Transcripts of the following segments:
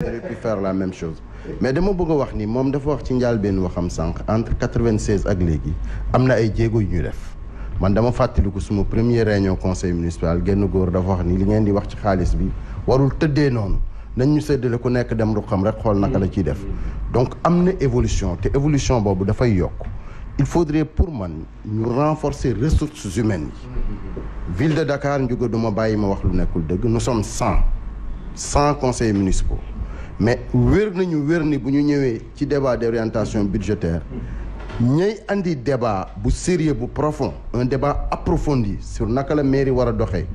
j'aurais pu la même chose mais dama bëgg a wax ni moom dafa wax ci njëlbéenu waxam sànq entre quatre-vingt-seize ak léegi am na ay jéego yu def man dama fàttaliku suma premier réunion conseil municipal genn góor dafa wax ni li ngeen di wax ci xaalis bi warul tëddee noonu nañ ñu séddale ku nekk dem ruqam rek xool naka la ciy def donc am na évolution te évolution boobu dafay yokk il faudrait pour man ñu renforcer ressources humaines yi ville de Dakar njuga duma bàyyi ma wax lu nekkul dëgg nous sommes cent cent conseillers municipaux mais wér nañu wér ni bu ñu ñëwee ci débat d'orientation budgétaire ñay indi débat bu sérieux bu profond un débat sur naka la mairie war a doxee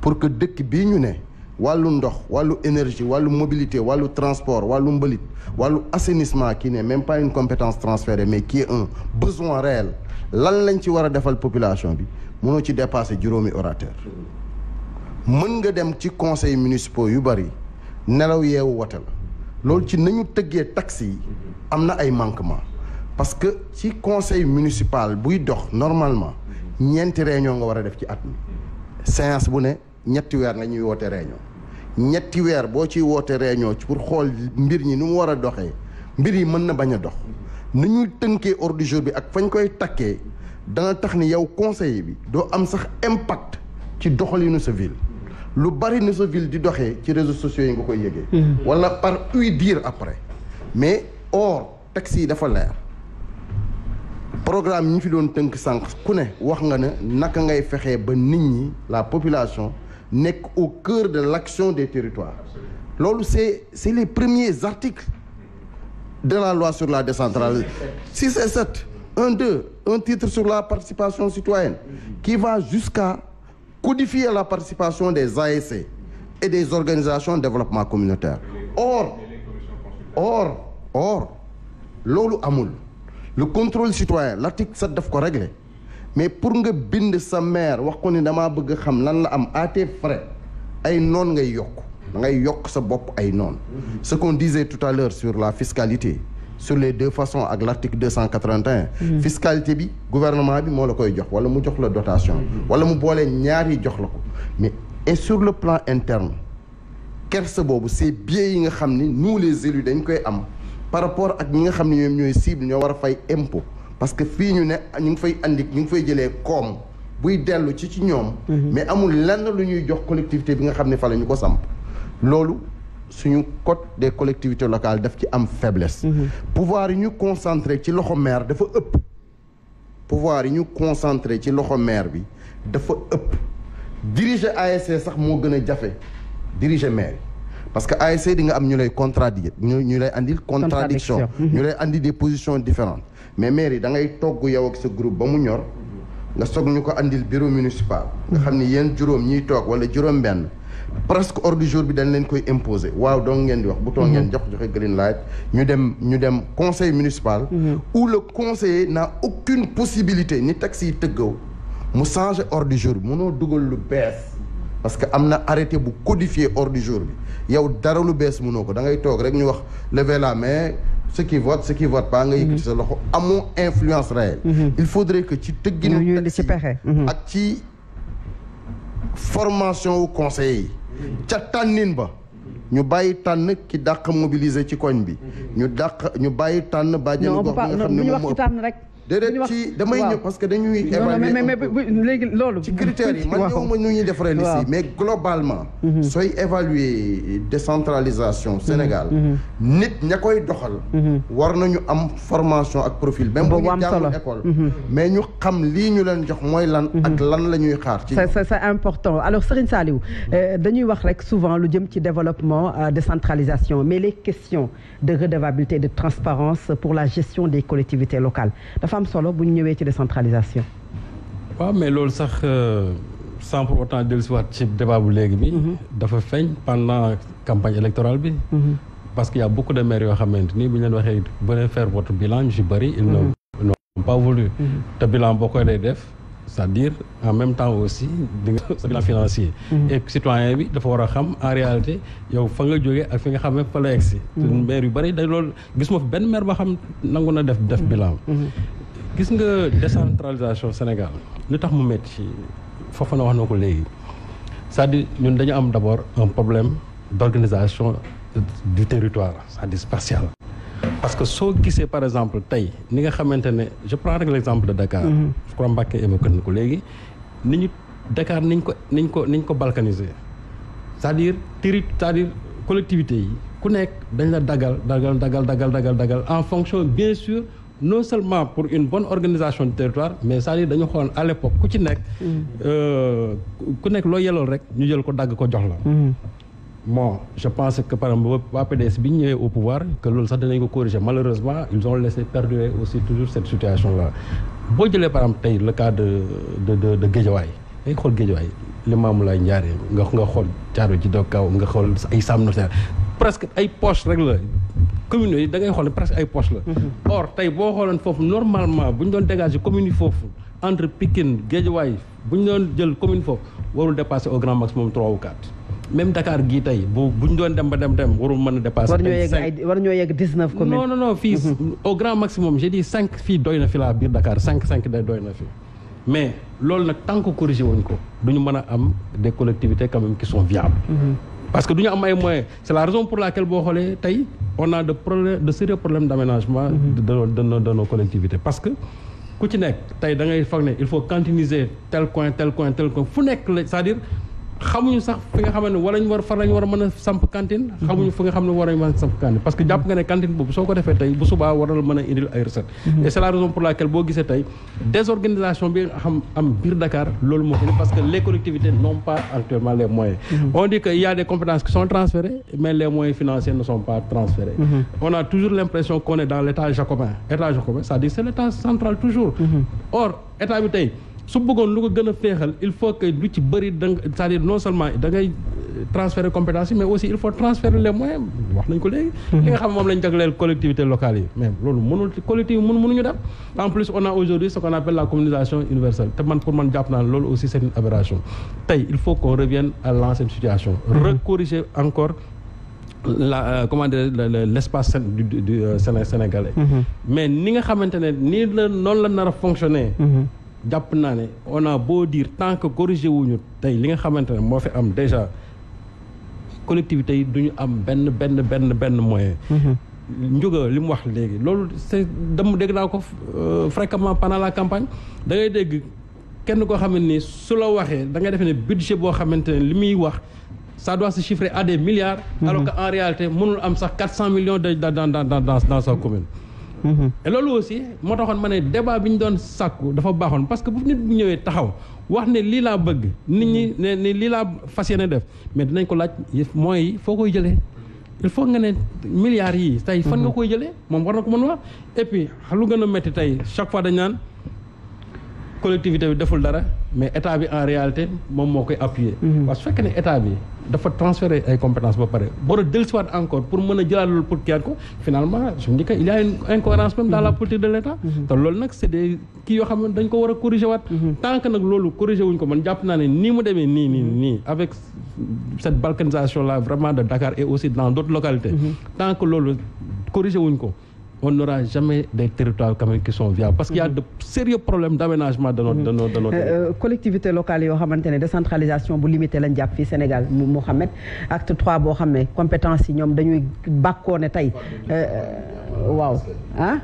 pour que dëkk bii ñu ne wàllu ndox wàllu énergie wàllu mobilité wàllu transport wàllu mbalit wàllu assainissement ki ne même pas une compétence transférée mais kii est un besoin réel lan lañ ci war a defal population bi mënoo ci dépasser juróomi orateur mën nga dem ci conseil municipaux yu bari nelaw yeewu wote la loolu ci nañu tëggee taxi yi mhm. am na ay manquement parce que ci conseil municipal buy dox normalement ñeenti réunion nga war a def ci at mi séance bu ne ñetti weer nga ñuy woote réunion ñetti weer boo ciy woote réunion ci pour xool mbir ñi ni mu war a doxee mbir yi mën na bañ a dox mhm. ni ñuy tënkee ordre bi ak fañ koy takkee dana tax ni yow conseiller bi doo am sax impact ci doxalinu sa ville lu bari na sa ville di doxee ci réseaux sociaux yi nga koy yëgee. Mm-hmm. wala par uy dire après mais or taxi yi dafa leer programme yi fi doon tënk sànq ku ne wax nga ne naka ngay fexe ba nit ñi la population nekk au cœur de l'action des territoires loolu c'est c'est les premiers articles de la loi sur la décentralisation 6 et 7 un 2 un titre sur la participation citoyenne mm-hmm. qui va jusqu'à codifier la participation des ASC et des organisations de développement communautaire or or loolu amul lu contrôle citoyen l'article sa def ko régler mais pour nga bind sa maire wax ko ni damaa bëgg xam lan la am à tes frais ay noon ngay yokk da ngay yokk sa bopp ay noon ce qu'on disait sur la fiscalité sur les deux façons ak l'article 281 mm-hmm. fiscalité bi gouvernement bi moo la koy jox wala mu jox la dotation mm-hmm. wala mu boolee ñaari jox la ko mais et sur le plan interne kersa boobu c'est biais yi nga xam ni nous les élus dañ koy am par rapport ak ñi nga xam ne ñoom ñooy cible ñoo war a fay impôt parce que fii ñu ne ñu ngi fay andi ñu ngi fay jëlee koom buy dellu ci ci ñoom mm-hmm. mais amul lenn lu ñuy jox collectivité bi nga xam ne fa la ñu ko samp loolu suñu code des collectivités locale daf ci am faiblesse. Mhm. pouvoir yi ñu concentré ci loxo maire dafa ëpp. pouvoir yi ñu concentré ci loxo bi dafa ëpp diriger ASC sax moo gën a jafe dirige maire parce que ASC di nga am ñu lay contradire ñu ñu lay andil contradiction ñu mhm. lay indi des position différentes mais maire yi da ngay togg yow ak sa groupe ba mu ñor nga soog ñu ko andil bureau municipal nga xam ni yéen juróom ñiy toog wala juróom benn presque ordre du jour bi dañ leen koy imposer waaw donc ngeen di wax bu too ngeen mhm. jox joxe green light ñu dem ñu dem conseil municipal mhm. où le conseiller n'a aucune possibilité ni taxi yi tëggaw mu changer ordre du jour bi mënoo dugal lu bees parce que am na arrêté bu codifié ordre du jour bi yow dara lu bees munoo ko da ngay toog rek ñu wax lever la main ceux qui votent ceux qui votent pas nga yëkkati mhm. sa loxo amoo influence réelle il faudrait que ci tëgginu ak ci formation wu yi ca tànnin ba ñu bàyyi tànn ki dàq mobiliser ci koñ bi ñu dàq ñu bàyyi tànn bàjjenu gox bi nga xam ne moom moo ëpp déedéet ci damay ñëw parce que dañuy évaluer mais mais léegi loolu ci critères yi man ñëwuma nu ñuy defaree liste mais globalement mhm. sooy évaluer décentralisation mhm. Sénégal mhm. nit ña koy doxal war nañu am formation ak profil même bu ñu jàngul école mais ñu xam lii ñu leen jox mooy lan lan la ñuy xaar ci c'est important alors Serigne Saliou euh, dañuy wax rek souvent lu jëm ci développement euh, décentralisation mais les questions de redevabilité et de transparence pour la gestion des collectivités locales am solo bu ñu ñëwee ci décentralisation. waaw mais loolu sax euh, sans pour autant dellusiwaat ci débat bu léegi bi. Mhm. dafa feeñ pendant campagne électorale bi. Mhm. parce que y' a de maires yoo xamante ni bu leen waxee venez faire votre bilan ñu si bëri. ils mhm. n'ont pas voulu. te bilan boo koy day def. cest dire en même temps aussi di nga sa bilan financier et citoyen bi dafa war a xam en réalité yow fa nga jógee ak fi nga xam ne fa la egsi maire yu bëri da loolu gisuma fi benn maire boo xam nangu na def def bilan gis nga décentralisation Sénégal lu tax mu métti foofu na wax na ko léegi c'est-à-dire ñun dañu am d'abord un problème d'organisation du territoire c'est-à-dire spatial parce que soo gisee par exemple tey ni nga xamante ne je prends rek l'exemple de Dakar mhm. je crois Mbacké évoqué na ko léegi ni ñu Dakar niñ ko niñ ko niñ ko balkanisé c'est-à-dire terri cest yi ku nekk dañ la dagal dagal dagal dagal dagal dagal en fonction bien sûr non seulement pour une bonne organisation du territoire mais c'est-à-dire dañu xooloon à ku ci nekk mm. euh, ku nekk loo yelool rek ñu jël ko dagg ko jox la mm. bon je pense que par exemple waa PDS bi ñu ñëwee au pouvoir que loolu sax dinañ ko corriger malheureusement ils ont laissé perdurer aussi toujours cette situation la boo jëlee par exemple tey le cas de de de de Guédiawaye day xool Guédiawaye Limamoulaye Ndiaye nga nga xool Thiaroye Djidah Kao nga xool ay Sam Notaire presque ay poche rek la communes yi da ngay xool presque ay poche la mhm. or tey boo xooloon foofu normalement bu ñu doon dégager commune yi foofu entre Pikine Guédiawaye bu ñu doon jël commune foofu warul dépasser au grand maximum trois ou quatre même Dakar gii tey bu bu ñu doon dem ba dem dem warul mën a dépasser. ñoo yegg ay war ñoo yegg dix neuf communes. Mhm. cinq fii doy na fi laa biir Dakar cinq cinq day doy na fi mais loolu nag tant que corrigé wuñ ko du ñu mën a am des collectivité quand même qui sont parce que du ñu am ay moyens c'est la raison pour laquelle boo xoolee tey on a de problème de sérieux problèmes d'aménagement mm-hmm. de de nos de parce que ku ci nekk tey da ngay foog ne il faut cantiniser tel coin tel coin tel coin fu nekk la cest xamuñu sax fi nga xam ne war nañ war fan lañ war a mën a samp cantine xamuñu mhm. fi nga xam ne war a samp cantine parce que jàpp nga ne cantine boobu soo ko defee tey bu subaa war mën a indil ay recette mhm. et c'est mhm. qui sont transférées mais les moyens financiers ne sont pas transférés on a toujours l'impression qu'on dans l'état jacobin état jacobin cest dire c'est l'état central toujours or état bi tey su bëggoon lu ko gën a féexal il faut que lu ci bëri da nga cest non seulement da ngay euh, compétence mais aussi il faut transférer les moyens wax nañ ko léegi. Mhm. li nga xam moom lañ jagleel collectivités locales yi mais loolu mënul collectif yi mën mënuñu def en plus on a aujourd'hui ce qu'on appelle la communisation universelle te man pour man jàpp naa loolu aussi c'est une tey il faut qu'on revienne à situation mhm. recorriger jàpp naa ne on boo diir dire tant que corrigé wuñu tey li nga xamante ne moo fi am déjà collectivités yi duñu am benn benn benn benn moyen mhm. njuga li mu wax léegi loolu c'est dem dégg naa ko euh, fréquemment pendant la campagne da ngay dégg kenn koo xamante ni su la waxee da ngay defee ne budget boo xamante ne li muy wax ça doit se chiffrer à des milliards mhm. alors que en réalité mënul am sax quatre cent millions de dans dans dans dans sa commune Mm-hmm. et loolu aussi moo taxoon ma ne débat bi ñu doon sàkku dafa baaxoon parce que bu nit bu ñëwee taxaw wax ne lii laa bëgg nit ñi ne ni lii laa fas yéene def mais dinañ ko laaj mooy foo koy jëlee il faut nga ne milliards yi tey fan nga mm-hmm. koy jëlee moom war na ko mën wax et puis gën a métti tey chaque fois dañ naan collectivité bi deful dara mais état bi en réalité moom moo koy appuyer. Mhm. parce que su fekkee ne état bi dafa transférer ay compétences ba pare war a dellusiwaat encore pour mën a jëlaat loolu pour kiyaat ko finalement je me dis il y a une incohérence même l' mhm. état. Mhm. te loolu nag c' est des kii yoo xam ne dañ ko war a corriger waat. tant que nag loolu corriger wuñ ko man jàpp naa ne nii mu demee nii nii nii avec cette balkanisation là vraiment de Dakar et aussi dans d' autres localités. tant que loolu ko. on n'aura jamais des territoires quand qui sont viables parce que y a de sérieux problèmes d'aménagement de notre de notre de notre euh, collectivité locale yoo xamante ne décentralisation bu limité lañ jàpp fii Sénégal Mouhamed acte trois boo xam ne compétence yi ñoom dañuy bàkkoo ne tey euh, waaw ah?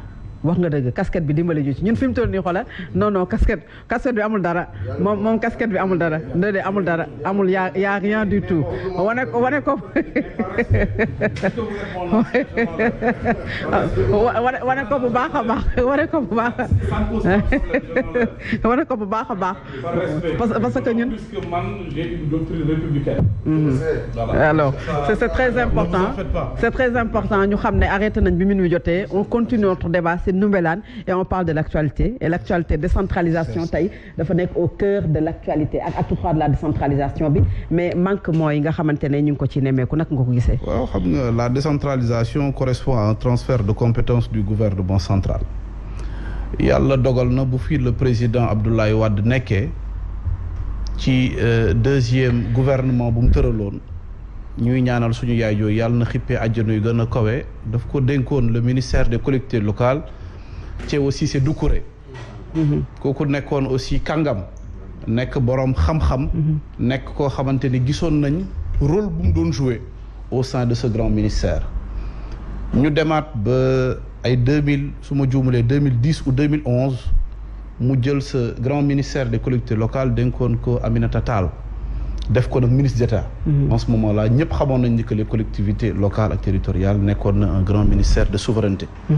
wax nga dëgg casquette bi dimbale ñu ci ñun fi mu toll nii xoolal non non casquette casquette bi amul dara moom moom casquette bi amul dara déedéet amul dara amul yaa yaa rien du tout wane ko wane ko wane ko bu baax a baax wane ko bu baax wane ko bu baax a baax parce que ñun mhm. alors c'est très important c'est très important ñu xam ne arrêté nañ bi minuit jotee on continue notre débat c'est Noumbelane et on parle de l'actualité et l'actualité décentralisation tey dafa nekk au cœur de l'actualité ak acte trois de la décentralisation bi mais manque mooy nga xamante ne ñu ngi ko ci nemmeeku nag nga ko gisee. waaw xam nga la décentralisation correspond à un transfert de compétence du gouvernement central yàlla dogal na bu fii le président Abdoulaye Wade nekkee ci euh, deuxième gouvernement bu mu tëraloon. ñuy ñaanal suñu yaay yooyu yàlla na xippee àjjana yu gën a kawe daf ko dénkoon le ministère des collectivités locales aussi Ceewo Cissé Doucouré mm-hmm. kooku nekkoon aussi kàngam nekk boroom xam-xam mm-hmm. nekk koo xamante ni gisoon nañ rôle bu mu doon joué au sein de ce grand ministère ñu demaat ba ay deux mille su ma juumalee deux dix ou deux mille onze mu jël sa grand ministère de collectivités locale dénkoon ko Aminata taal def ko nag ministre d'État. Mhm. en ce moment là ñëpp xamoon nañ ni que les collectivités locales ak territoriales nekkoon na un grand ministère de souveraineté. Mhm.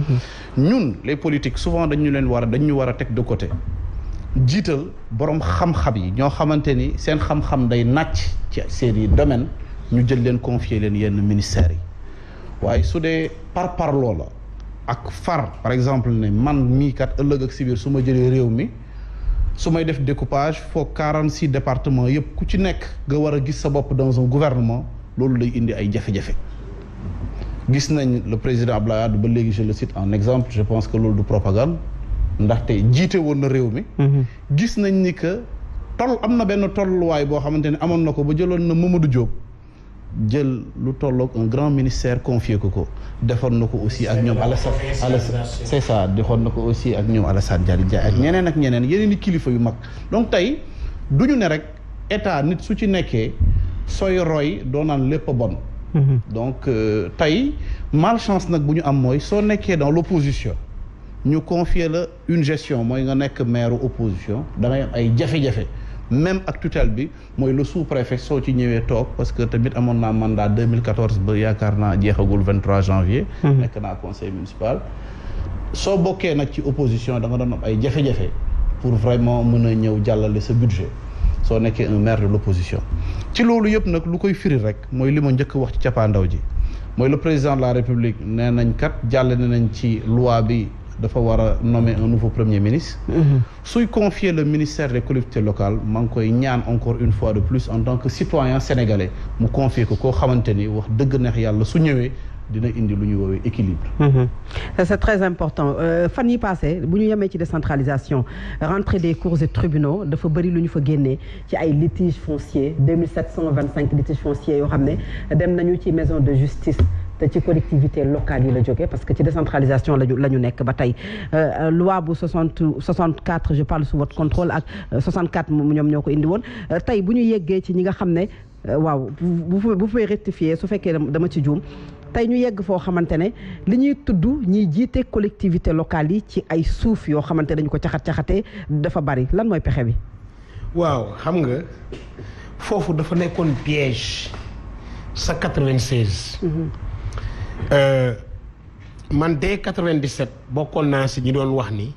ñun les politique souvent dañu leen war a dañu war a teg de côté. jiital borom xam-xam yi ñoo xamante ni seen xam-xam day nàcc ci série domaine ñu jël leen confier leen yenn ministères yi waaye su dee par par loola ak far par exemple ne man mii kat ëllëg ak si biir su ma jëlee réew mi. su may def découpage foo quarante six départements yëpp ku ci nekk nga war a gis sa bopp dans un gouvernement loolu lay indi ay jafe-jafe gis nañ le président Abdoulaye Wade ba léegi je le cite en exemple je pense que loolu du propagande ndaxte jiite woon na réew mi mhm. gis nañ ni que toll am na benn tolluwaay boo xamante ne amoon na ko ba jëloon na Mamadou Diop jël lu tolloog un grand ministère confié ko ko defoon na ko aussi ak ñoom Alassane Alassane c'est ça defoon na ko aussi ak ñoom Alassane Diallo Ndiaye ak ñeneen ak ñeneen yeneen i kilifa yu mag donc tey du ñu ne rek état nit su ci nekkee sooy roy doo naan lépp a bon mhm. donc euh, tey malchance nag bu ñu am mooy soo nekkee dans l'opposition ñu confier la une gestion mooy nga nekk maire opposition da ngay am ay jafe-jafe même ak tutelle bi mooy le sous-préfet soo ci ñëwee toog parce que tamit amoon naa mandat 2014 ba yaakaar naa jeexagul 23 janvier. Mhm. nekk naa conseil municipal. soo bokkee nag ci opposition da nga doon am ay jafe-jafe pour vraiment mën a ñëw jàllale sa budget soo nekkee un maire de l'opposition. ci loolu yëpp nag lu koy firi rek mooy li ma njëkk wax ci cappaandaw ji mooy le président de la république nee nañ kat jàll nañ ci loi bi. dafa war a nommer un nouveau premier ministre mhm. suy confier le ministère des collectivités locales maa koy ñaan encore une fois de plus en tant que citoyen sénégalais mu confier ko koo xamante ni wax dëgg neex yàlla su ñëwee dina indi lu ñuy woowee équilibre. Mhm. c'est très important euh, fan yi bu ñu yemee ci décentralisation rentrée des cours tribunaux dafa bëri lu ñu fa génnee ci ay litiges fonciers 2725 litiges fonciers yoo xam ne dem ci maison de justice ci collectivité locale yi la jógee parce que ci décentralisation lañu la ñu nekk ba tey euh, euh, loi bu soixante soixante quatre je parle sous votre contrôle ak euh, soixante quatre moom ñoom ñoo ko indi woon tey bu ñu yeggee ci ñi nga xam ne waaw bu bu fay su fekkee dama ci juum tey ñu yegg foo xamante ne li ñuy tudd ñiy jiite collectivité locale yi ci ay suuf yoo xamante dañu ko caxat-caxatee dafa bari lan mooy pexe bi waaw xam nga foofu dafa nekkoon piège sa 96 Euh, man dès 97 bokkoon naa si ñu doon wax ni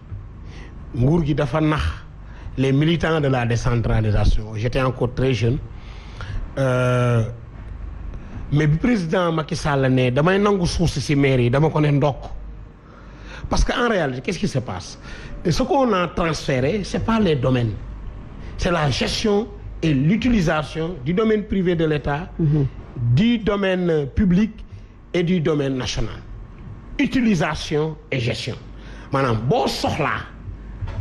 nguur gi dafa nax les militants de la décentralisation j'étais encore très jeune euh, mais bi président Macky Sall ne damay nangu suuf si si maire yi dama ko ne ndokk parce que en réalité qu'est-ce qui se passe et ce qu'on a transféré c'est pas les domaines c'est la gestion et l'utilisation du domaine privé de l'État mm du domaine public et du domaine national utilisation et gestion maanaam boo soxlaa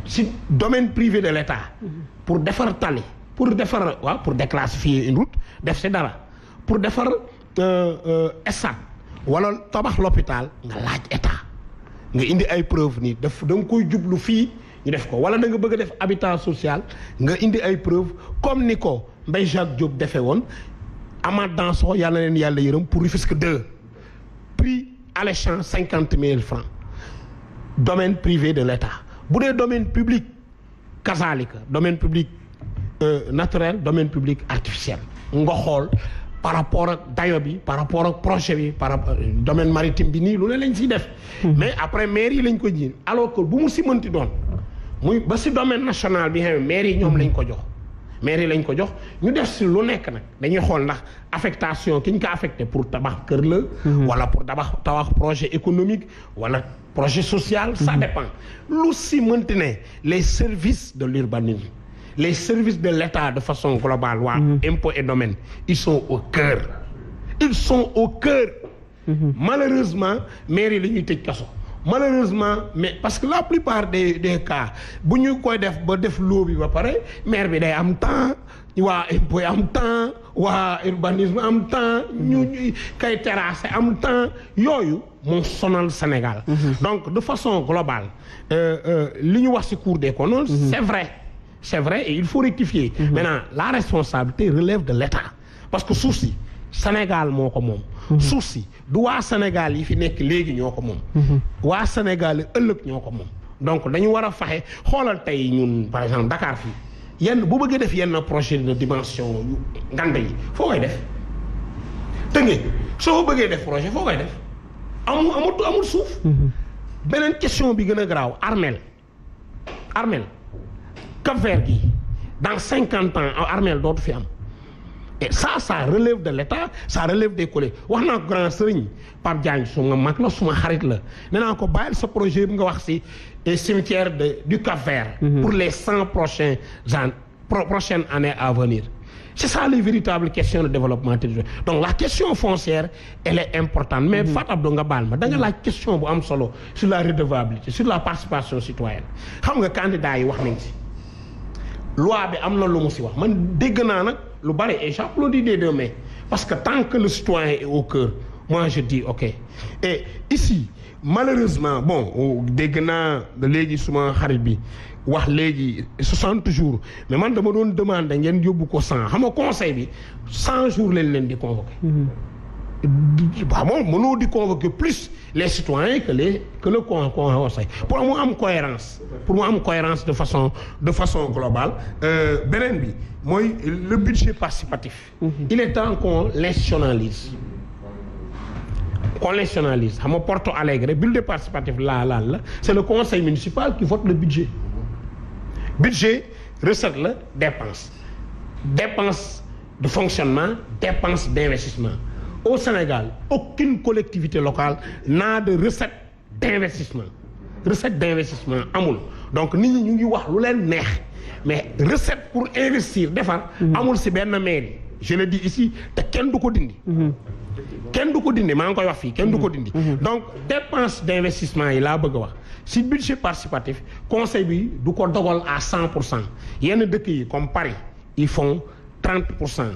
si domaine privé de l'État pour defar tali pour defar waa pour déclassifier une route def si dara pour defar euh, euh, stade walla tabax l'hôpital nga laaj état nga indi ay preuve nii daf da nga koy jublu fii ñu def ko wala da nga bëgg def habitat social nga indi ay preuve comme ni ko Mbaye Jacques Diop defee woon Amath Danso yàlla leen yàlla yërëm pour Rufisque 2 prix alléchant cinquante mille francs domaine privé de l'État bu dee domaine public kasaalika domaine public euh, naturel domaine public artificiel nga xool par rapport ak dayo bi par rapport ak projet bi par rapport euh, domaine maritime bi nii lu ne lañ siy def mhm. mais après mairie yi lañ ko jiin alors que bu mu si mënti doon muy ba si domaine national bi xam mairie yi ñoom lañ ko jox maire yi lañ ko jox ñu def si lu nekk nag dañuy xool ndax affectation ki ñu ko affecté pour tabax kër la. Mhm. wala pour tabax tabax projet économique wala projet social. ça mhm. dépend lu si mënti les services de l'urbanisme les services de l'État de façon globale waa mhm. impôts et domaines ils sont au cœur ils sont au cœur malheureusement maire yi la ñuy tëj kaso malheureusement mais parce que la plupart des des cas bu ñu koy def ba def loo ba pare maire bi day am temps waa impôt am temps waa urbanisme am temps ñu mm-hmm. ñu kay terrasse am temps yooyu moo sonal Sénégal. Mm-hmm. donc de façon globale euh, euh, li ñu wax ci Cour des comptes. Mm-hmm. c'est vrai c'est vrai et il faut rectifier. maintenant la responsabilité relève de l'État parce que suuf si. Sénégal moo ko moom. Mhm. suuf si du waa Sénégal yi fi nekk léegi ñoo ko moom. Mhm. waa Sénégal yi ëllëg ñoo ko moom. donc dañu war a faxe xoolal tey ñun par exemple Dakar fii yenn bu bëggee def yenn projet de dimension yu ngande yi foo koy def. tënkee soo bëggee def projet foo koy def amul amul suuf. Mhm. beneen question bi gën a garaaw Armel. Armel Cap-Vert gi dans cinquante ans Armel dootu fi am. et ça ça relève de l'état ça relève des collègues wax naa ko grand sëriñ Pape Diagne su ma mag la suma xarit la nee ko bàyyil sa projet bi nga wax si cimetière de du Cap Vert mhm. pour les cent prochains ans prochaines années à venir c'est ça les véritables questions de développement territorial donc la question foncière elle est importante mais mhm. Fat Abdou nga baal ma da nga mhm. question bu am solo sur la redevabilité sur la participation citoyenne xam nga candidat yi wax nañ si lu bari et j'applaudis des deux mains parce que tant que le citoyen est au cœur moi je di ok et ici malheureusement bon oh, dégg naa léegi suma xarit bi wax léegi 60 jours mais man dama doon demander ngeen yóbbu ko 100 xam nga conseil bi 100 jours lañ leen di convoqué. Mm-hmm. waaw moom mënoo di convoquer plus les citoyens que les que le con conseil pour mu am cohérence pour mu am cohérence de façon de façon globale euh, beneen bi. mooy le budget participatif. Mhm. il est temps qu'on l'institutionnalise. qu'on l'institutionnalise xam nga Porto Alegre budget participatif laa laal la c'est le conseil municipal qui vote le budget. budget recette la dépense. dépense de fonctionnement dépense d'investissement au Sénégal aucune collectivité locale naa de recette d'investissement recette d'investissement amul donc nit ñi ñu ngi wax lu leen neex. mais recette pour investir defar. Mhm. amul si benn mairie. je le dis ici te kenn du ko dindi. Mhm. kenn du ko dindi maa ngi koy wax fii kenn du ko mhm. dindi. donc dépense d' investissement yi laa bëgg a wax si budget participatif conseil bi du ko dogal à cent pour cent yenn dëkk yi comme Paris il font trente pour cent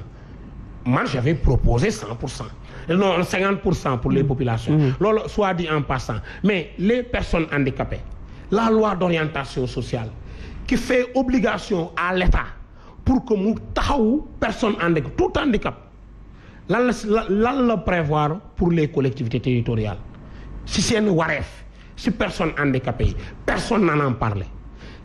man j'avais proposé cent pour cent non cinquante pour cent pour les populations. loolu soit dit en passant mais les personnes handicapées la loi d' orientation sociale. qui fait obligation à l'État pour que mu taxawu personne handicap tout handicap lan la lan la prévoir pour les collectivités territoriales si seen wareef si personne handicapée yi personne n'en parlait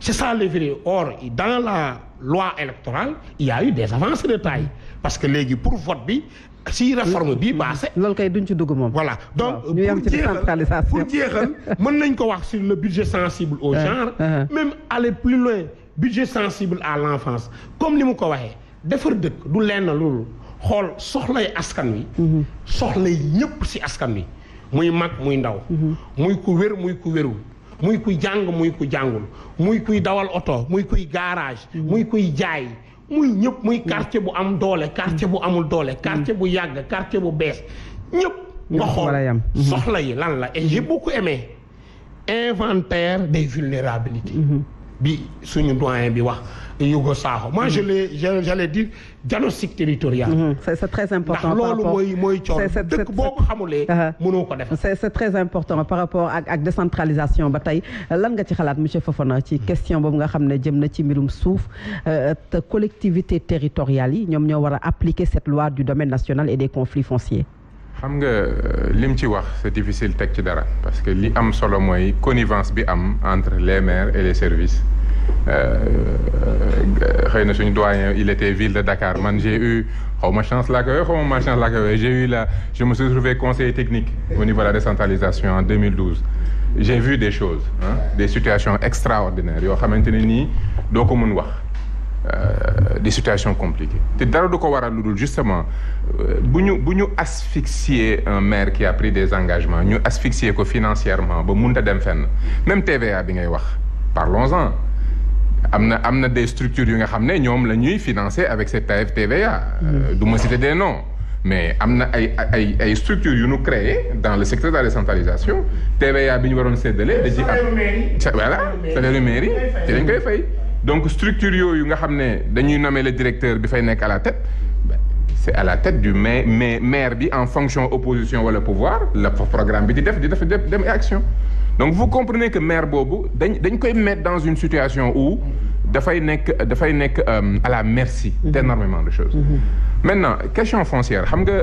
c'est ça le vrai or dans la loi électorale il y a eu des avancées de taille parce que léegi pour vote bi si réforme bi passé. loolu kay duñ ci dugg moom. voilà donc pour jeexal pour jeexal mën nañ ko wax sur le budget sensible au ah, genre. Ah, ah. même aller plus loin budget sensible à l' enfance comme ni mu ko waxee defar dëkk du lenn loolu xool soxlay askan wi. Mhm. soxlay ñëpp si askan wi muy mag muy ndaw. Mhm. muy ku wér muy ku wérul. muy kuy jàng muy ku jàngul muy kuy dawal oto muy kuy garage. Mhm. muy kuy jaay. muy ñëpp muy quartier bu am doole quartier bu amul doole quartier bu yàgg quartier bu bees ñëpp nga xool soxla yi lan la et j'ai beaucoup aimé inventaire des vulnérabilités mhm. bi suñu doyen bi wax Yougo Sakho moi je mm-hmm. l'ai j'allais dire diagnostic territorial mm-hmm. c'est très important ndax loolu mooy mooy coono dëkk boo ko xamulee uh-huh. mënoo ko def c'est très important par rapport ak ak décentralisation ba tey lan nga ci xalaat monsieur Fofana ci mm-hmm. question boobu nga xam ne jëm na ci mbirum suuf euh, te collectivité territoriale yi ñoom ñoo war a appliquer cette loi du domaine national et des conflits fonciers xam nga euh, lim ci wax c'est difficile teg ci dara parce que li am solo mooy connivence bi am entre les maires et les services Euh, xëy na suñu doyen il était ville de Dakar man j'ai eu xaw ma chance la koy xaw ma ma chance laa koy j'ai eu la je me suis trouvé conseiller technique au niveau de la décentralisation en 2012 j'ai vu des choses hein, des situations yoo xamante ne nii doo ko mën wax euh, des situation compliquées te dara du ko war waral lu dul justement euh, bu ñu bu ñu asphyxier un maire qui a pris des engagements ñu asphyxier ko financièrement ba mënut a dem fenn même TVA bi ngay wax par parlons-en am na am na des structures yu nga xam ne ñoom la ñuy financer avec cette AFTVA. Euh, du ma citer des noms mais am na ay ay ay structures yu nu créé dans le secteur de la décentralisation TVA bi ñu waroon séddale. da ci am voilà salaire mairie dañ koy fay. donc structure yu nga xam ne dañuy nommer le directeur bi fay nekk à la tête c'est à la tête du mais maire bi en fonction opposition wala pouvoir la programme bi di def di def dem action. donc vous comprenez que maire boobu dañ dañ koy mettre dans une situation où dafay nekk dafay nekk euh, à la merci mm-hmm. d'énormément de choses mm-hmm. maintenant question foncière xam nga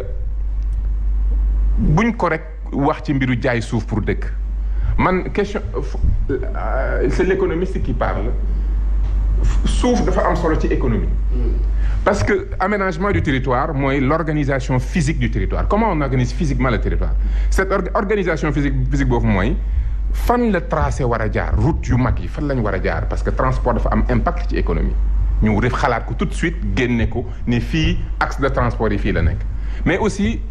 buñ ko rek wax ci mbiru jaay suuf pour dëkk man question euh, c'est l'économiste qui parle suuf dafa am solo ci économie mm. parce que aménagement du territoire mooy l'organisation physique du territoire comment on organise physiquement le territoire cette organisation physique physique boobu mooy fan la tracé war a jaar route yu mag yi fan lañ war a jaar parce que transport dafa am impact ci économie ñu ref xalaat ko tout de suite génne ko ni fii axe de transport yi fii la nekk mais aussi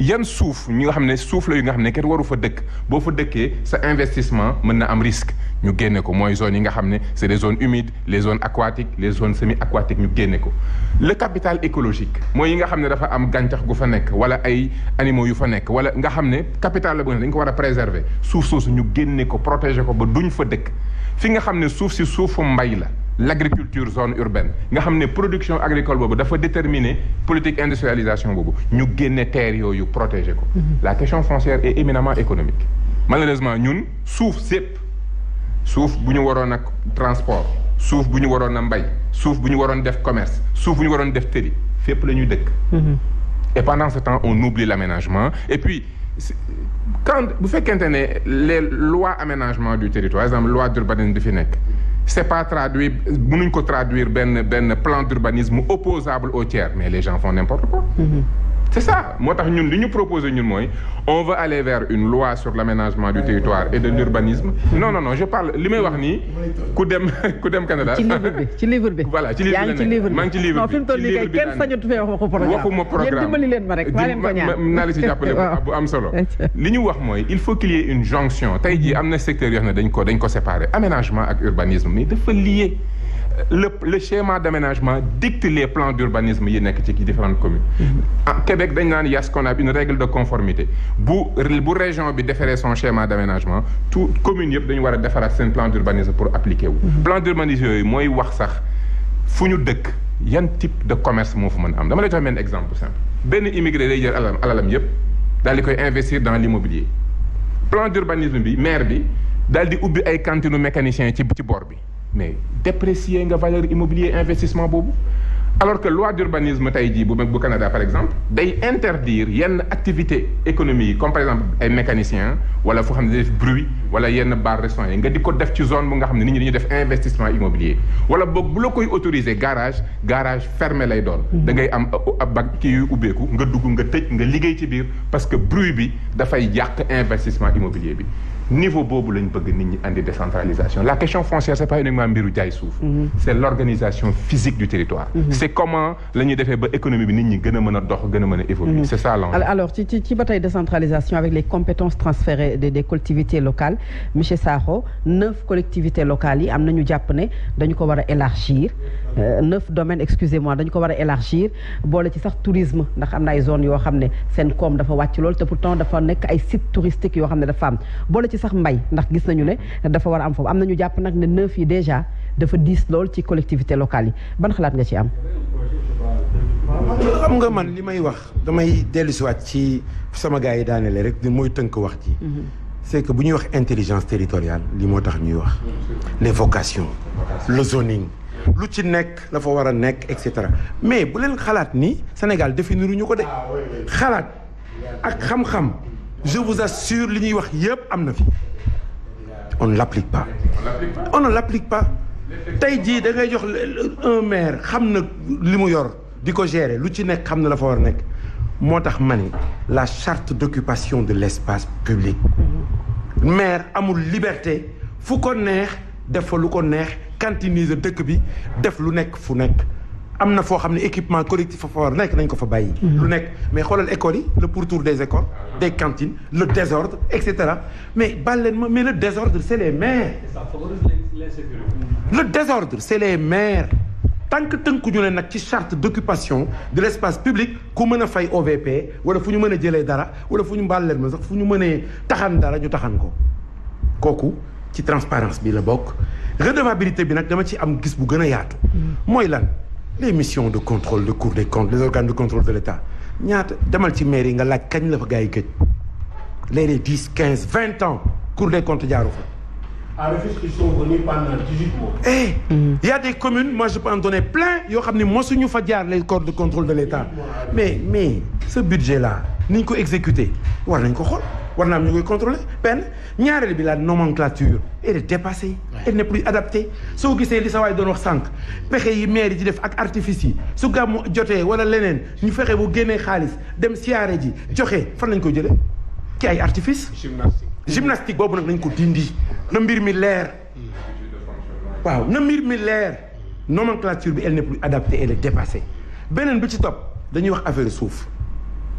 yan suuf ñi nga xam ne suuf la yu nga xam ne kenn waru fa dëkk boo fa dëkkee sa investissement mën na am risque ñu génne ko mooy zones yi nga xam ne c' est des zones humides les zones aquatiques les zones semi aquatiques ñu génne ko le capital écologique mooy yi nga xam ne dafa am gàncax gu fa nekk wala ay animaux yu fa nekk wala nga xam ne capital la bu dañ ko war a préserver suuf soosu ñu génne ko protéger ko ba duñ fa dëkk fi nga xam ne suuf si suufu mbay la l' zone urbaine nga xam ne production agricole boobu dafa déterminer politique industrialisation boobu ñu génne terre yooyu protéger ko mm-hmm. la question foncière est éminemment économique malheureusement ñun suuf sépp suuf bu ñu waroon a transport suuf bu ñu waroon a mbay suuf bu ñu waroon def commerce suuf bu ñu waroon def tëri fépp la ñuy dëkk. Mm-hmm. et pendant ce temps on oublie l'aménagement et puis quand bu fekkente ne les lois aménagement du territoire exemple loi d'urbanisme du fi nekk. c'est pas traduit mënuñ ko traduire benn benn plan d'urbanisme opposable au tiers mais les gens font n'importe quoi. Mm-hmm. c'est ça moo tax ñun li ñu proposé ñun mooy on veut aller vers une loi sur l'aménagement du territoire et de l'urbanisme non non non je parle li may wax nii ku dem ku dem Canada ci livre bi ci livre bi voilà ci livre bi maa ngi livre bi fi mu toll nii kay kenn sañatu fee waxu programme waxuma programme dimbali leen ma rek maa si jàppale bu am solo li ñu wax mooy il faut qu'il y ait une jonction tey ji am na secteur yoo xam ne dañ ko dañ ko séparé aménagement ak urbanisme mais dafa lié le le schéma d'aménagement dict les plans d'urbanisme yi nekk ci différentes communes. ah Québec dañ naan yas qu'on a une règle de conformité bu région bi defaree son schéma d'aménagement tout commune yëpp dañu war a defaraat seen plan d'urbanisme pour appliquer wu. Mm-hmm. plan d'urbanisme yooyu mooy wax sax fu ñu dëkk yan type de commerce moo fu mën am dama lay jox benn exemple simple benn immigré day jël alalam alalam yëpp daal di koy investir dans l'immobilier plan d'urbanisme bi maire bi daal di ubbi ay cantines mécaniciens ci ci bor bi. mais déprécier nga valeur immobilier investissement boobu alors que loi d'urbanisme tey jii bu bu Canada par exemple day interdire yenn activité économie yi comme par exemple ay mécaniciens wala foo xam ne def bruit wala yenn bar restaurant yi nga di ko def ci zone bu nga xam ne nit ñi dañuy def investissement immobilier wala boog bu la koy autoriser garage garage fermé lay doon mm-hmm. dangay am bag kii yu ubbeeku nga dugg nga tëj nga liggéey ci biir parce que bruit bi dafay yàq investissement immobilier bi niveau boobu lañ bëgg nit ñi andi décentralisation la question foncière c'est pas uniquement mbiru jaay suuf mm-hmm. c'est l'organisation physique du territoire mm-hmm. c'est comment la ñuy defee ba économie bi nit ñi gën a dox gën a mën mm-hmm. c'est ça l'enjeu alors ci ba tey décentralisation avec les compétences transférées des collectivités locales monsieur Sakho neuf collectivités yi am nañu jàpp ne dañu ko war a élargir euh, neuf domaines excusez-moi dañu ko war a élargir ci sax tourisme ndax am na yoo xam ne seen koom dafa wàcc lool te pourtant dafa nekk ay sites ne dafa sax mbay ndax gis nañu ne dafa war a am foofu am na ñu jàpp nag ne neuf yi déjà dafa diis lool ci collectivité locale yi ban xalaat nga ci am. xam nga man li may wax damay dellusiwaat ci sama gars yi daanele rek di mooy tënk wax ji. Mhm. c'est que bu ñuy wax intelligence territoriale li moo tax ñuy wax. les vocations. le zoning. lu ci nekk la fa war a nekk et cetera mais bu leen xalaat ni Sénégal définiruñu ko de. Ah xalaat ak xam-xam. je vous assure li ñuy wax yëpp am na fi on ne l'applique pas on ne l'applique pas tey jii da ngay jox un maire xam na li mu yor di ko gérer lu ci nekk xam na la fa war nekk moo tax ma ni la charte d'occupation de l'espace public maire amul liberté fu ko neex def fa lu ko neex cantiniser dëkk bi def lu nekk fu nekk am na foo xam ne équipement collectif fa war nekk nañ ko fa bàyyi. Mhm. lu nekk mais xoolal écoles yi le pourtour des écoles. des cantines le désordre et cetera mais baal leen ma mais le désordre c' est les maires. Mhm. le désordre c' est les maires. tant que tënkuñu leen nag ci charte d' occupation de l' espace public ku mën a fay OVP wala fu ñu mën a jëlee dara wala fu ñu mbaal leen ma sax fu ñu mënee taxan dara ñu taxan ko kooku ci transparence bi la bokk redevabilité bi nag dama ci am gis bu gën a yaatu. Mhm. mooy lan. les missions de contrôle de cour des comptes les organes de contrôle de l'État ñaata demal ci mairie nga laaj kañ la fa gars yi gëj léeg-léeg dix quinze vingt ans cour des comptes jaaru fa. à Rufisque ils sont venus pendant dix-huit mois. eh. Mm. y a des communes moi je peux en donner plein yoo xam ne mosuñu fa jaar les corps de contrôle de l'État mais mais ce budget là ni ñu ko exécuté war nañ ko xool. war naa am ñu koy contrôler benn ñaareel bi la nomenclature elle est dépassée elle n'est plus adaptée soo gisee li sa waay doon wax sànq pexe yi maire yi ci def ak artifice yi su gàmmu jotee wala leneen ñu fexe bu génnee xaalis dem siyaare ji joxe fan lañ ko jëlee ci ay artifice gymnastique gymnastique boobu nag nañ ko dindi na mbir mi leer waaw na mbir mi leer nomenclature bi elle n'est plus adaptée elle est beneen bi ci topp dañuy wax affaire suuf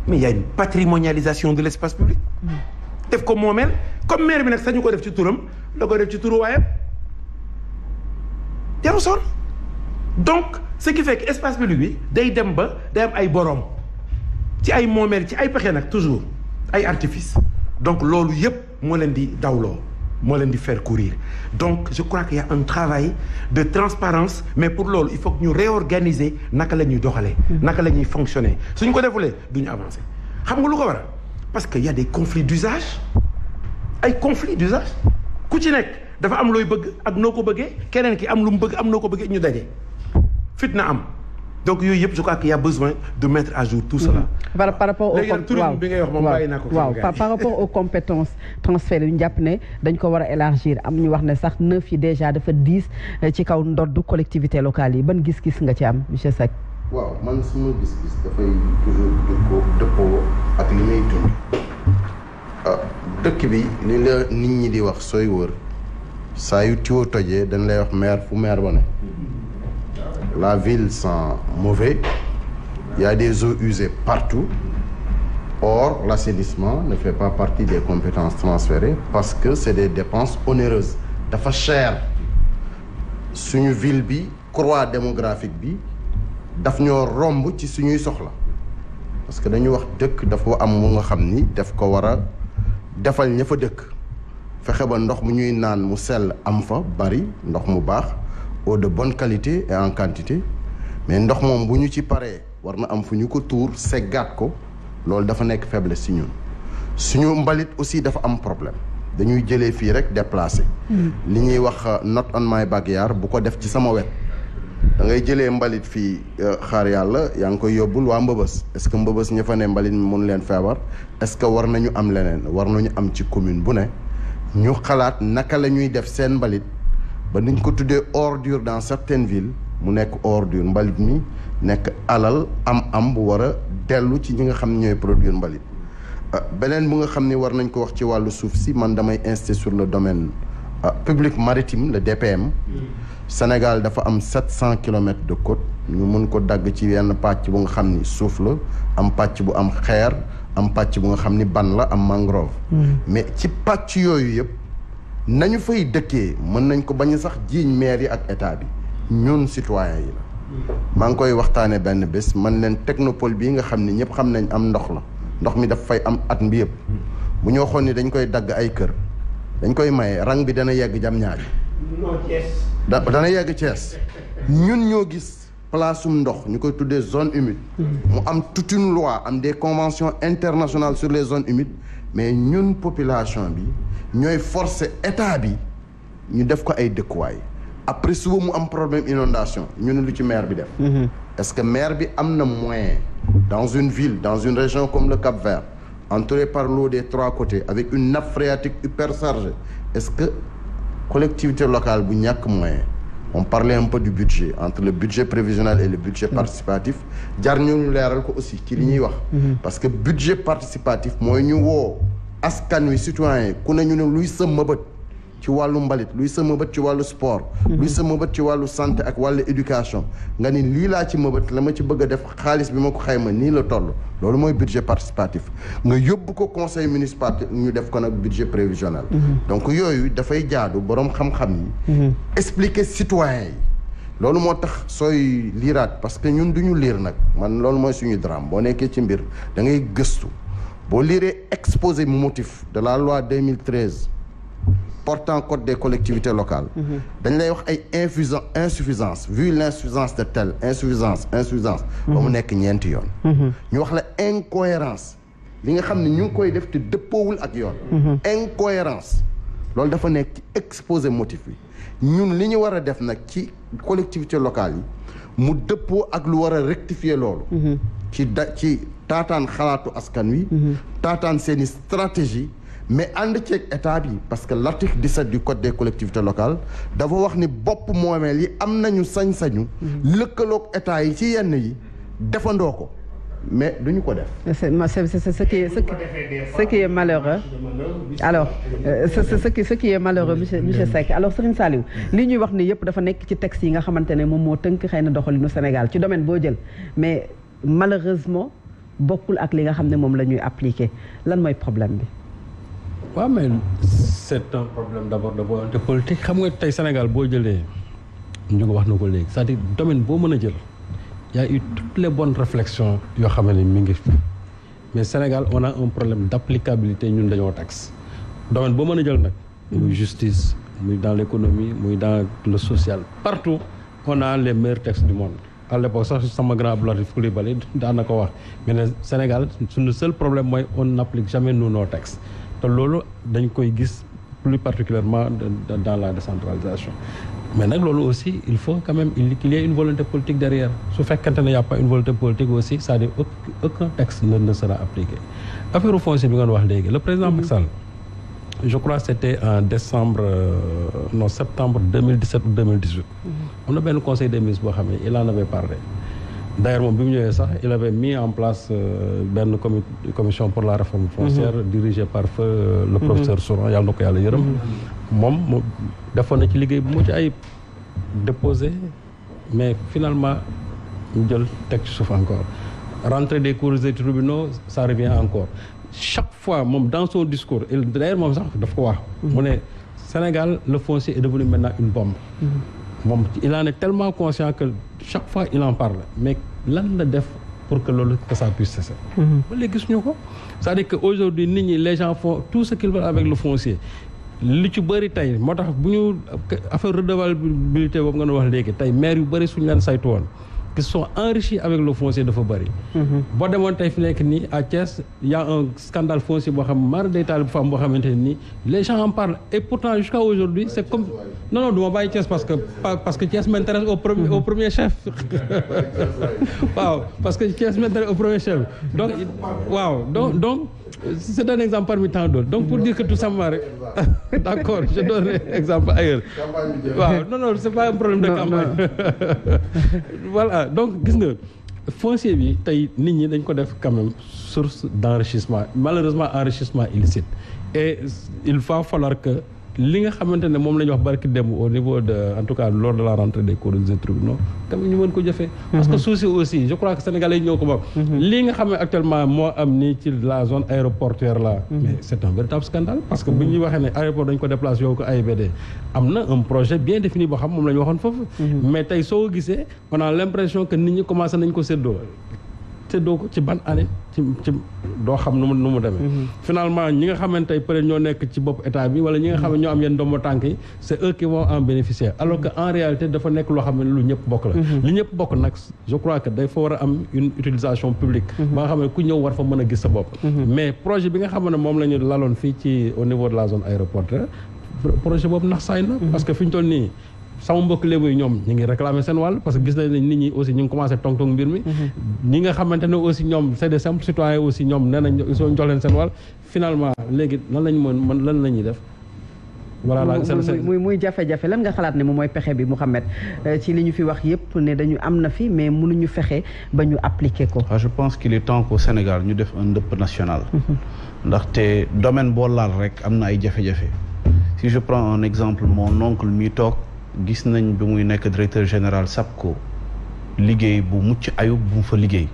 mais il y a une patrimonialisation de l'espace public. def ko moomeel comme maire bi nag sañu ko def ci turam la ko def ci turu waayam jaru donc ce qui fait que espace public bi day dem ba day am ay boroom ci ay moomeel ci ay pexe nag toujours ay artifice donc loolu yëpp moo leen di dawloo. moo leen di fair courir donc je crois qu'il y un travail de transparence mais pour loolu il faut que ñu réorganiser naka la ñuy doxalee naka la ñuy fonctionner suñ ko defulee du ñu avancer xam nga lu ko waral parce que y a des conflits d'usage ay conflits d'usage ku ci nekk dafa am looy bëgg ak noo ko bëggee keneen ki am lu mu bëgg am noo ko bëggee ñu daje fitna am donc yooyu yëpp je crois qu'il y a besoin de mettre à jour tout cela. Mm-hmm. par par rapport aux waaw par rapport aux compétences transférées yu ñu jàpp ne dañ ko war a élargir am ñu wax ne sax neuf yi déjà dafa diis euh, ci kaw ndodd collectivité locale yi ban gis-gis nga ci am monsieur Seck. waaw man suma gis-gis dafay ah, dëkk bi nit ñi di wax sooy wër saa yu tiwo tojee dañ lay wax maire fu maire ba ne. La ville sent mauvais. Il y a des eaux usées partout. Or, l'assainissement ne fait pas partie des compétences transférées parce que c'est des dépenses onéreuses. dafa cher suñu ville bi croît démographique bi daf ñoo romb ci suñuy soxla parce que dañu wax dëkk dafa am mu nga xam ni daf ko war a defal ña fa dëkk fexe ba ndox mu ñuy naan mu sell am fa bari ndox mu baax eau de bonne qualité et en quantité mais ndox moom bu ñu ci paree war na am fu ñu ko tuur seggaat ko loolu dafa nekk faiblesse ci ñun suñu mbalit aussi dafa am problème dañuy jëlee fii rek deplacé hmm. li ñuy wax euh, not on my backyard bu ko def ci sama wet da ngay jëlee mbalit fii euh, xaar yàlla yaa ngi koy yóbbul waa Mbëbës est-ce que Mbëbës ña fa ne mbalit mi mun leen feebar est-ce que war nañu am leneen war nañu am ci commune bu ne ñu xalaat naka la ñuy def seen mbalit. ba nañ ko tuddee ordure dans certaines villes mu nekk ordure mbalit mi nekk alal am-am bu war a dellu ci ñi nga xam ne ñooy produire mbalit ah, beneen bu nga xam ni war nañ ko wax ci wàllu suuf si man damay insister sur le domaine ah, public maritime le DPM Sénégal dafa am sept cent kilomètres de côte ñu mën ko dagg ci yenn pàcc bu nga xam ni suuf la am pàcc bu am xeer am pàcc bu nga xam ni ban la am mangrove hmm. mais ci pàcc yooyu yëpp nañu fay dëkkee mën nañ ko bañ sax jiiñ maire yi ak état bi ñun citoyen yi la maa ngi koy waxtaane benn bés man leen technopole bii nga xam ne ñëpp xam nañ am ndox la ndox mi daf fay am at mbi yëpp bu ñoo xoon ni dañ koy dagg ay kër dañ koy maye rang bi dana yegg jam ñaari da dana yegg Thiès ñun ñoo gis palaasum ndox ñu koy tuddee zone humide hmm. mu am toute une loi am des conventions internationales sur les zones humides mais ñun population bi ñooy force état bi ñu def ko ay dëkkuwaay après suba mu am problème inondation ñu ne lu ci maire bi def mhm. est-ce que maire bi am na moyen dans une ville dans une région comme le Cap-Vert entouré par l'eau des trois côtés avec une nappe phréatique hyper chargée est-ce que collectivité locale bu ñàkk moyen on parlait un peu du budget entre le budget prévisionnel et le budget participatif jar ñu ñu leeral ko aussi ci li ñuy wax mm-hmm. Mm-hmm. parce que budget participatif mooy ñu woo askan wi citoyen ku na ñu ne luy sa mëbët ci wàllu mbalit luy sa mëbët ci wàllu sport mhm. luy sa mëbët ci wàllu santé ak wàllu éducation nga ni lii laa ci mëbët la ma ci bëgg a def xaalis bi ma ko xayma nii la toll loolu mooy budget participatif nga yóbbu ko conseil municipal ñu def ko nag budget prévisionnel mhm. donc yooyu dafay jaadu boroom xam-xam yi mhm. expliquer citoyen yi loolu moo tax sooy liiraat parce que ñun duñu liir nag man loolu mooy suñu drame boo nekkee ci mbir da ngay gëstu boo liiree exposé motif de la loi 2013 portant code des collectivité locales mhm. dañ lay wax ay infusion insuffisance vu l'insuffisance de telle insuffisance insuffisance mhm. ba mu nekk ñeenti yoon mhm. ñu wax la incohérence li nga xam ne ñu ngi koy def te dëppoowul ak yoon incohérence loolu dafa nekk ci exposé motif bi ñun li ñu war a def nag ci collectivité locale yi mu dëppoo ak lu war a rectifier loolu ci da ci taataan xalaatu askan wi taataan seeni stratégie mais ànd ceeg état bi parce que l'article 17 du code des collectivités locales dafa wax ni bopp moomeel yi am nañu sañ-sañu lëkkaloog état yi ci yenn yi defandoo ko mais duñu ko def. c'est ce qui est ce qui est malheureux alors euh, ce qui ce qui est malheureux monsieur monsieur Seck alors Serigne Saliou li ñuy wax ni yëpp dafa nekk ci texte yi nga xamante ne moom moo tënk xëy na doxalinu Sénégal ci domaine boo jël mais malheureusement bokkul ak li nga xam ne moom la ñuy appliqué lan mooy problème bi. waaw mais c'est un problème d'abord de volonté politique xam nga tey Sénégal boo jëlee ñu ko wax na ko léegi sa à dire domaine boo mën a jël y a eu toutes les bonnes réflexions yoo xam ne mi ngi fi mais Sénégal on a un problème d'applicabilité ñun dañoo tax domaine boo mën a jël nag muy justice muy dans l'économie muy dans le social partout on a les meilleurs textes du monde à l'époque sax sama grand Abdoulatif Coulibaly daan na ko wax mais ne Sénégal suñu seul problème mooy on n'applique jamais nous nos textes te loolu dañ koy gis plus particulièrement dans la décentralisation mais nag loolu aussi il faut quand même qu'il y ait derrière su fekkante ne y a pas une volonté politique aussi cest à aucun texte ne sera appliqué affaire foncier bi ngeen wax léegi le président Macky Sall je crois c'était en décembre euh, non septembre 2017 ou 2018 mm-hmm. am na benn conseil des ministres boo xam ne il en avait parlé d'ailleurs moom bi mu ñëwee sax il avait mis en place euh, benn comi commission pour la réforme foncière mhm. dirigée par feu le mhm. professeur Souran yàlla na ko yàlla yërëm mhm. moom mu defoon na ci liggéey bu mu ci ayib déposé mais finalement ñu jël teg ci suuf encore rentrée des cours et tribunaux sa revient encore chaque fois moom dans son discours il d'ailleurs moom sax daf ko wax mu ne Sénégal le foncier est devenu maintenant une bombe moom il en est tellement conscient que chaque lan la def pour que loolu que ça puisse cesser mhm. ba léegi gisuñu ko c'est-à-dire que aujourd'hui nit ñi les gens font tout ce qu'ils veulent avec le foncier li ci bëri tey moo tax bu ñu affaire redevabilité boobu nga doon wax léegi tey maire yu bëri suñ leen saytu qui sont avec le foncier dafa bëri. Mhm. boo demoon tey fi nekk nii à Thiès y' a un scandale foncier boo xam mara détail bu fa boo xamante nii les gens en parlent jusqu'à aujourd'hui c'est comme non non ma bàyyi Thiès parce que parce que Thiès m'intéresse au premier au premier chef waaw parce que Thiès m'intéresse au premier chef donc waaw donc donc. c'est un exemple parmi tant d'autres donc pour dire que tout simplement d'accord je donne exemple ailleurs waaw non non c'est pas un problème de campagne voilà donc gis nga foncier bi tey nit ñi dañ ko def quand source d'enrichissement malheureusement enrichissement illicite et il faut falloir que li nga xamante ne moom la ñu wax barki dem au niveau de en tout cas lors de la rentrée des cours des tribunaux tamit ñu mën ko jëfee parce que mhm. souci aussi je crois que sénégalais yi ñoo ko moom mhm. li nga xam actuellement moo am nii ci la zone aéroportuaire là mhm. mais c'est un scandale parce que bu ñuy waxee ne aéroport dañ ko déplacé yow ko AIBD am na un projet bien défini boo xam moom la ñu waxoon foofu mais tey soo gisee on a l'impression que nit ñi commencé nañ ko séddoo te doo ko ci ban année ci doo xam nu mu nu mu demee. Mm-hmm. finalement ñi nga xamante ne ñoo nekk ci bopp état bi wala ñi nga xam ne mm-hmm. ñoo am yenn ndombo tànk yi c' est eux qui vont bénéficier alors que en réalité dafa nekk loo xam lu ñëpp bokk la. Mm-hmm. li ñëpp bokk nag je crois que day fa war a am une utilisation publique. ba nga xam ne ku ñëw war fa mën a gis sa bopp. mais projet bi nga xam moom la laloon fii ci au niveau de la zone aéroportuaire projet boobu nax saay sama mbokk lébu yi ñoom ñi ngi réclamer seen parce que gis nañ nit ñi aussi ñu ngi commencé tong tong mbir mi mhm. ñi nga xamante ne aussi ñoom c'est des simples citoyens aussi ñoom nee nañ soo jox leen seen wàll finalement léegi lan la ñuy def voilà muy muy jafe-jafe lan nga xalaat ne moom mooy pexe bi Mouhamed euh, ci li ñu fi wax yëpp ne dañu am na fi mais mënuñu fexe ba ñu appliquer ko ah, je pense qu'il est temps Sénégal ñu def un ndëpp national mhm. te domaine boo laal rek am na ay jafe je prends un exemple mon oncle mi toog gis nañ bi muy nekk directeur général SAPCO liggéey bu mucc ayub bu mu fa liggéey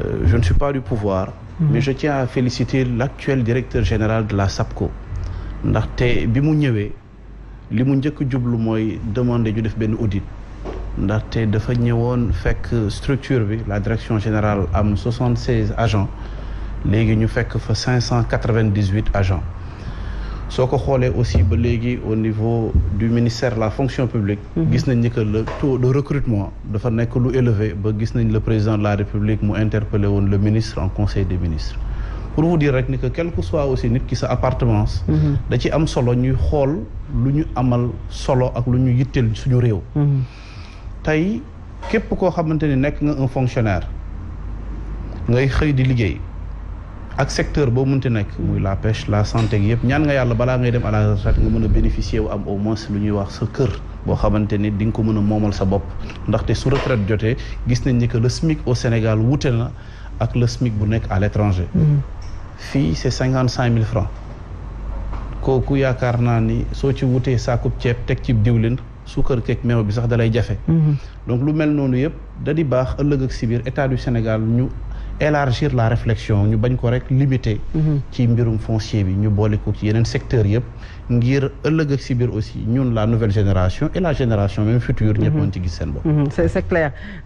euh, je ne suis pas du pouvoir mhm. mais je tiens à féliciter l'actuel directeur général de la SAPCO ndaxte bi mu ñëwee li mu njëkk jublu mooy demander ñu def benn audit ndaxte dafa ñëwoon fekk structure bi la direction général am 76 agents léegi ñu fekk fa 598 agents soo ko xoolee aussi ba léegi au niveau du ministère la fonction publique mhm. gis nañ ni que le taux de recrutement dafa nekk lu élevé ba gis nañ le président de la république mu interpellé woon le ministre en conseil des ministres pour vous dire rek ni que quel que soit aussi nit ki sa appartenance mhm. da ci am solo ñuy xool lu ñu amal solo ak lu ñu yitteel suñu réew mhm. tey képp koo xamante ni nekk nga un fonctionnaire ngay xëy di liggéey ak secteur boo munti nekk muy la pêche la santé yëpp ñaan nga yàlla balaa ngay dem à la nga mën a bénéficier wu am au moins lu ñuy wax sa kër boo xamante ni di nga ko mën a moomal sa bopp ndaxte su retraite jotee gis nañ ni que le SMIC au Sénégal wute na ak le SMIC bu nekk à l'étranger mm. fii se cinquante cinq mille francs kooku yaakaar naa ni soo ci wutee saakub ceeb teg ci diwlin suukar keeg meew bi sax dalay jafe mm-hmm. donc lu mel noonu yëpp si biir état du Sénégal ñu élargir la réflexion ñu bañ ko rek limiter. Mhm. ci mbirum foncier bi ñu boole ko ci yeneen secteurs yëpp ngir ëllëg ak si biir aussi ñun la nouvelle génération et la génération même future. ñëpp mën ci gis seen bopp. Mhm. Mhm. c'est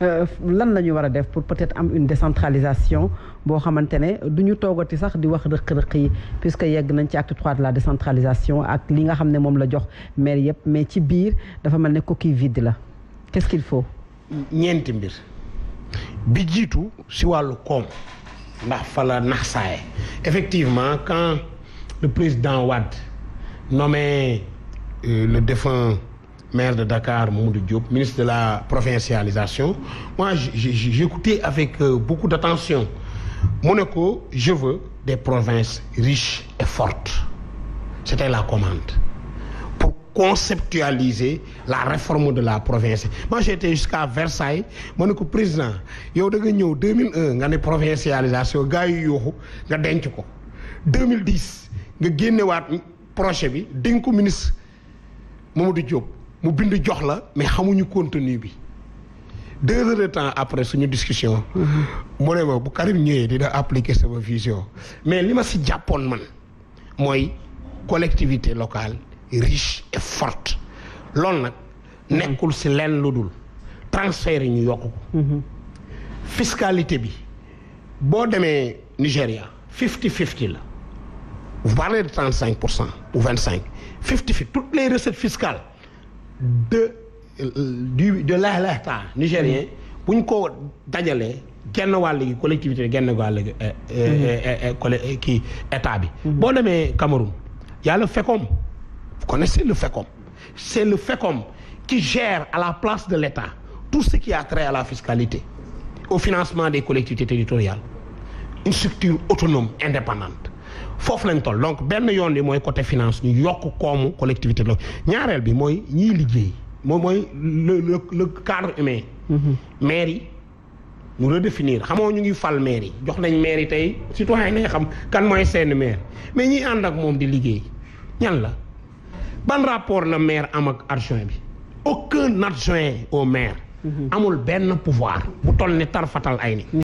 euh, lan la ñu war a def pour peut-être am une décentralisation boo xamante ne du ñu toogati sax di wax rëq-rëq yi puisque yegg nañ ci acte trois de la décentralisation ak li nga xam ne moom la jox maire yëpp mais ci biir dafa mel ne coquille vide la qu'est-ce qu'il faut. ñeenti mbir. bi jiitu si wàllu koom ndax fa la effectivement quand le président Wade nommé euh, le défunt maire de Dakar Mamadou Diop ministre de la provincialisation moi j'écoutais avec euh, beaucoup d'attention mu ne ko je veux des provinces riches et fortes c'était la commande conceptualiser la réforme de la province moi j'étais jusqu'à Versailles ma ne ko président yow da nga ñëw 2001 nga ne provincialisation gars yu yooxu nga denc ko 2010 nga génnewaat projet bi dénk ko ministre di Diop mu bind jox la mais xamuñu contenu bi deux heures temps après suñu discussion mm-hmm. mu ne ma bu Karim ñëwee dina appliquer sama vision mais li ma si jàppoon man mooy collectivité locale riche et forte loolu nag nekkul si lenn lu dul transfert yi ñu yokk mhm. fiscalité bi boo demee Nigéria fifty fifty la vous cinq pour cent ou vingt cinq fifty les recettes fiscales de euh, du de l'État nigérien mhm. bu ñu ko dajalee genn wàll gi collectivité bi genn wàll gi euh, euh, mhm. kii état bi boo demee Cameroun yàlla fekkoom kon Vous connaissez le FECOM C'est lu FECOM qui gère à la place de l'État tout ce qui a à la fiscalité, au financement des collectivités territoriales. Une structure autonome, indépendante. foofu lañ toll donc benn yoon bi mooy côté finance ñu yokk koomu collectivité la ñaareel bi mooy ñiy liggéey moom mooy le le le cadre humain. Mhm. maire yi ñu redéfinir xamoo ñu ngi fal maire yi jox nañ maire yi tey citoyen yi nañ xam kan mooy seen maire mais ñiy ànd ak moom di liggéey ñan la. ban rapport la maire am ak adjoint bi aucun adjoint au maire mm-hmm. amul benn pouvoir bu toll ni tarfatal ay ni